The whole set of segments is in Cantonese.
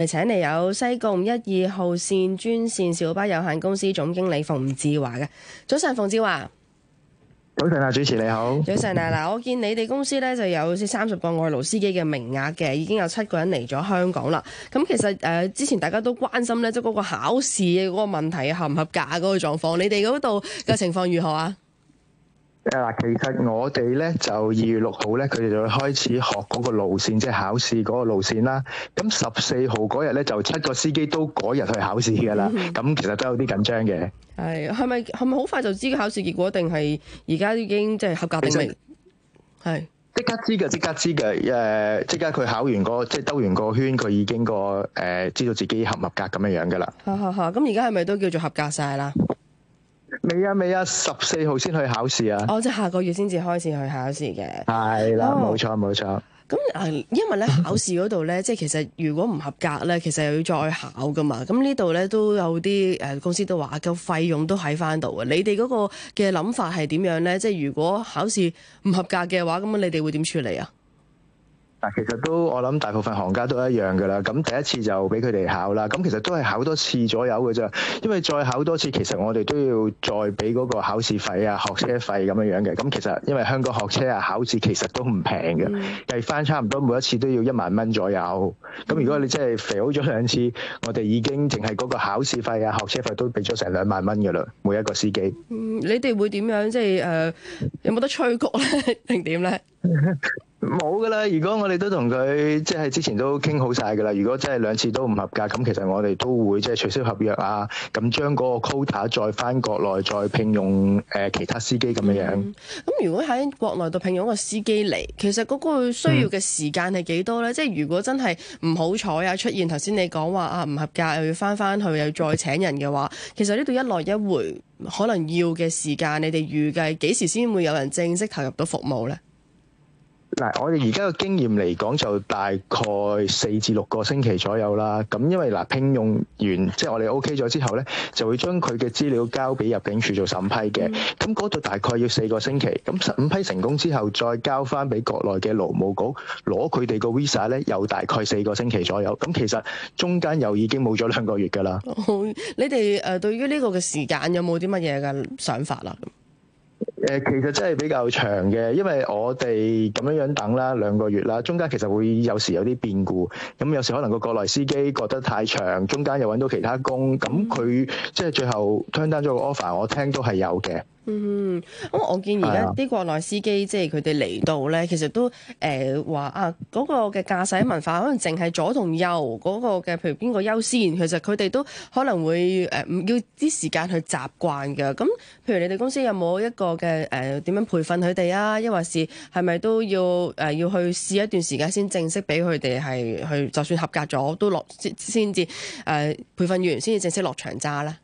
嚟請嚟有西貢一二號線專線小巴有限公司總經理馮志華嘅，早晨，馮致華，早晨啊，主持你好，早晨啊，嗱，我見你哋公司咧，就有三十個外勞司機嘅名額嘅，已經有七個人嚟咗香港啦。咁其實誒、呃，之前大家都關心咧，即係嗰個考試嘅嗰個問題合唔合格嗰個狀況，你哋嗰度嘅情況如何啊？ 誒嗱，其實我哋咧就二月六號咧，佢哋就開始學嗰個路線，即係考試嗰個路線啦。咁十四號嗰日咧，就七個司機都嗰日去考試噶啦。咁其實都有啲緊張嘅。係，係咪係咪好快就知考試結果？定係而家已經即係合格定未？係即刻知嘅，即刻知嘅。誒、呃，即刻佢考完、個，即係兜完個圈，佢已經個誒知道自己合唔合格咁樣樣噶啦。咁而家係咪都叫做合格晒啦？未啊，未啊，十四號先去考試啊！哦，即係下個月先至開始去考試嘅。係啦，冇錯冇錯。咁誒，因為咧考試嗰度咧， 即係其實如果唔合格咧，其實又要再考噶嘛。咁呢度咧都有啲誒，公司都話個費用都喺翻度啊。你哋嗰個嘅諗法係點樣咧？即係如果考試唔合格嘅話，咁你哋會點處理啊？嗱，其實都我諗大部分行家都一樣嘅啦。咁第一次就俾佢哋考啦。咁其實都係考多次左右嘅啫。因為再考多次，其實我哋都要再俾嗰個考試費啊、學車費咁樣樣嘅。咁其實因為香港學車啊、考試其實都唔平嘅，計返、嗯、差唔多每一次都要一萬蚊左右。咁、嗯、如果你真係肥好咗兩次，我哋已經淨係嗰個考試費啊、學車費都俾咗成兩萬蚊嘅嘞。每一個司機。嗯、你哋會點樣即係誒、呃、有冇得催谷咧，定點咧？ 冇噶啦！如果我哋都同佢即係之前都傾好晒噶啦，如果真係兩次都唔合格，咁其實我哋都會即係取消合約啊，咁將嗰個 quota 再翻國內再聘用誒、呃、其他司機咁樣樣、嗯。咁如果喺國內度聘用一個司機嚟，其實嗰個需要嘅時間係幾多咧？嗯、即係如果真係唔好彩啊，出現頭先你講話啊唔合格又要翻翻去又要再請人嘅話，其實呢度一來一回可能要嘅時間，你哋預計幾時先會有人正式投入到服務咧？嗱，我哋而家嘅經驗嚟講，就大概四至六個星期左右啦。咁因為嗱，聘用完即係我哋 OK 咗之後咧，就會將佢嘅資料交俾入境處做審批嘅。咁嗰度大概要四個星期。咁審批成功之後，再交翻俾國內嘅勞務局攞佢哋個 visa 咧，又大概四個星期左右。咁其實中間又已經冇咗兩個月㗎啦。你哋誒對於呢個嘅時間有冇啲乜嘢嘅想法啦？誒其實真係比較長嘅，因為我哋咁樣樣等啦，兩個月啦，中間其實會有時有啲變故，咁有時可能個國內司機覺得太長，中間又搵到其他工，咁佢即係最後 turn down 咗個 offer，我聽都係有嘅。嗯，咁我見而家啲國內司機，即係佢哋嚟到咧，其實都誒話、呃、啊，嗰、那個嘅駕駛文化可能淨係左同右嗰、那個嘅，譬如邊個優先，其實佢哋都可能會誒唔、呃、要啲時間去習慣嘅。咁、嗯、譬如你哋公司有冇一個嘅誒點樣培訓佢哋啊？抑或是係咪都要誒、呃、要去試一段時間先正式俾佢哋係去，就算合格咗都落先至誒培訓完先至正式落場揸咧？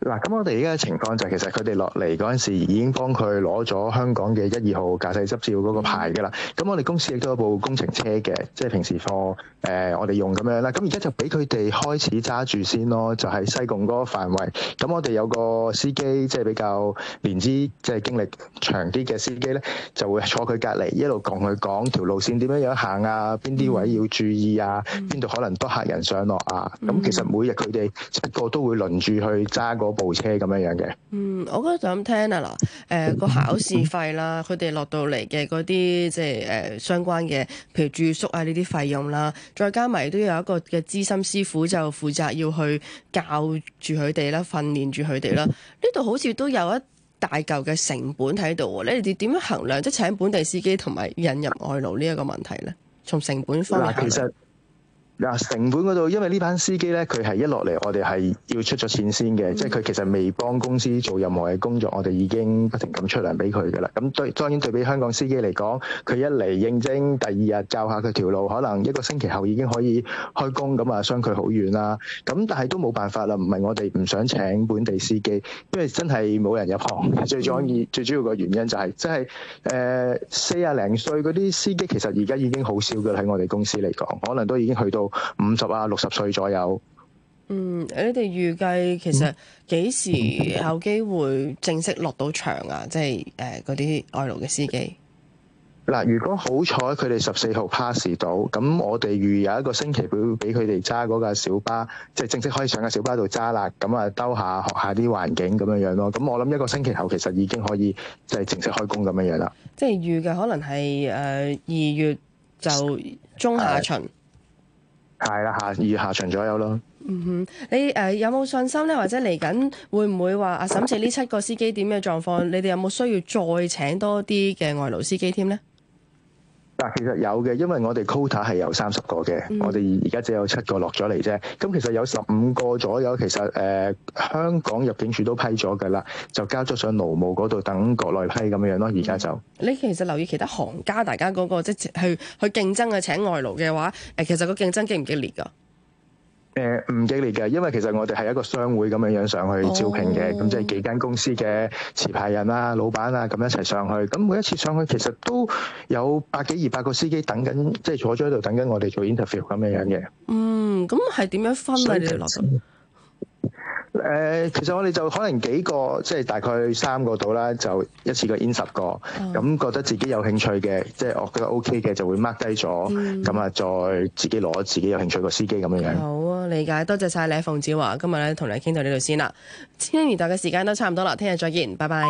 嗱，咁我哋而家嘅情況就係其實佢哋落嚟嗰陣時已經幫佢攞咗香港嘅一二號駕駛執照嗰個牌噶啦。咁我哋公司亦都有一部工程車嘅，即係平時貨誒我哋用咁樣啦。咁而家就俾佢哋開始揸住先咯，就係西貢個範圍。咁我哋有個司機即係比較年資即係經歷長啲嘅司機咧，就會坐佢隔離一路同佢講，條路線點樣樣行啊，邊啲、嗯、位要注意啊，邊度、嗯、可能多客人上落啊。咁其實每日佢哋七個都會輪住去揸個。部車咁樣樣嘅，嗯，我覺得就咁聽啊嗱，誒、呃嗰個考試費啦，佢哋落到嚟嘅嗰啲即係誒相關嘅，譬如住宿啊呢啲費用啦，再加埋都有一個嘅資深師傅就負責要去教住佢哋啦，訓練住佢哋啦，呢度好似都有一大嚿嘅成本喺度，咧你哋點樣衡量即係請本地司機同埋引入外勞呢一個問題呢？從成本方面，其實。嗱，成本嗰度，因為呢班司機咧，佢係一落嚟，我哋係要出咗錢先嘅，嗯、即係佢其實未幫公司做任何嘅工作，我哋已經不停咁出糧俾佢嘅啦。咁對當然對比香港司機嚟講，佢一嚟應徵，第二日教下佢條路，可能一個星期後已經可以開工，咁啊相距好遠啦。咁但係都冇辦法啦，唔係我哋唔想請本地司機，因為真係冇人入行。最重要最主要個原因就係即係誒四廿零歲嗰啲司機其實而家已經好少嘅，喺我哋公司嚟講，可能都已經去到。五十啊，六十歲左右。嗯，你哋預計其實幾時有機會正式落到場啊？即係誒，嗰啲外勞嘅司機。嗱，如果好彩佢哋十四號 pass 到，咁我哋預有一個星期會俾佢哋揸嗰架小巴，即係正式可以上架小巴度揸啦。咁啊，兜下學下啲環境咁樣樣咯。咁我諗一個星期後，其實已經可以即係正式開工咁樣樣啦。即係預計可能係誒二月就中下旬。啊係啦，下二月下旬左右咯。嗯哼，你誒、呃、有冇信心咧？或者嚟緊會唔會話啊？審視呢七個司機點嘅狀況， 你哋有冇需要再請多啲嘅外勞司機添咧？嗱，其實有嘅，因為我哋 quota 係有三十個嘅，我哋而家只有七個落咗嚟啫。咁其實有十五個左右，其實誒、呃、香港入境處都批咗嘅啦，就交咗上勞務嗰度等國內批咁樣樣咯。而家就、嗯、你其實留意其他行家，大家嗰、嗰個即係去去競爭嘅請外勞嘅話，誒其實個競爭激唔激烈㗎？誒唔激烈嘅，因為其實我哋係一個商會咁樣樣上去招聘嘅，咁、oh. 即係幾間公司嘅持牌人啦、啊、老闆啊，咁一齊上去。咁每一次上去，其實都有百幾二百個司機等緊，即係坐咗喺度等緊我哋做 interview 咁樣樣嘅。嗯，咁係點樣分咧、啊？誒 So,，其實我哋就可能幾個，即係大概三個度啦，就一次過 in 十個咁，oh. 覺得自己有興趣嘅，即係我覺得 OK 嘅，就會 mark 低咗，咁啊，再自己攞自己有興趣個司機咁樣樣。Okay. 理解，多謝晒你，馮致華。今日咧同你傾到呢度先啦，千年大嘅時間都差唔多啦，聽日再見，拜拜。